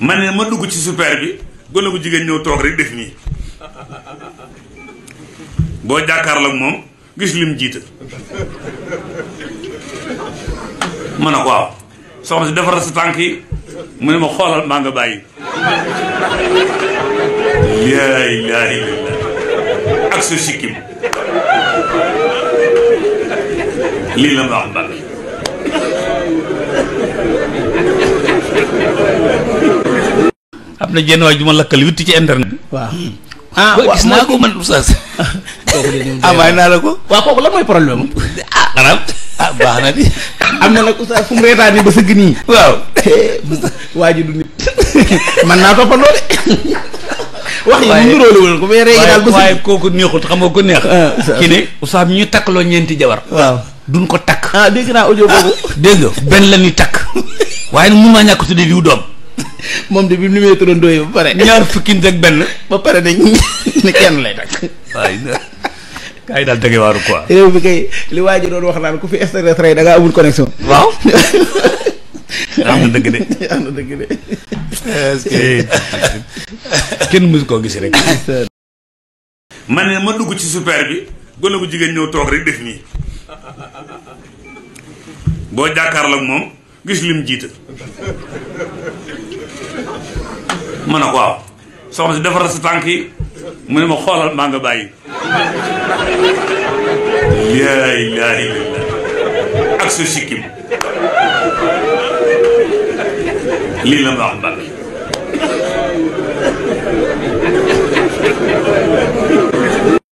ma ne ma dugg ci super bi gone gu jigéen ñëw toog rek def nii boo jàkkaarloog moom gis lim jiita ma ne ko waaw soxna si defaral sa tànk yi mu ne ma xoolal maa nga bàyyi laa ilaaha illallaah ak sa sikkim lii la ma wax am na jenn waay ju ma lakkal witti ci internet waaw hmm. ah gis naa ko man oustaz. kooku de ñoom amaay naa la ko. wa kooku lan moy problème ah xanaa ah baax na di. amna na nag oustaz fu mu ni ba seug ni waaw. waji du nit. man na naa toppandoo de. wax yi ñu niróole woon ko mais réegi dal ba. waaye koku neexul xam nga ko neex. Ah, ki ne oustaz ñu tak lo ñenti jabar. waaw duñ ko tak ah deug na audio bobu ah, deug ben la ni tak waye mu ma maa ñàkk tuddee diw doom. moom de bi mu limee turandoo ba pare. ñaar fukki nit ak benn. ba pare dañ ne kenn lay takk. waaye ay daal dëgg waaru quoi. réew bi kay li waa ji doon wax naan ku fi extraterrestre yi da ngaa amul connexion. waaw. am koo gis rek. ma ne ma dugg ci super bi. gone gu jigéen ñëw toog rek def nii. boo jàkkaarloo ak moom gis lim jiita. ma ko waaw soxna si defaral sa mu ne ma xoolal maa nga bàyyi laa ilaaha illallaah ak sa sikkim lii la ma wax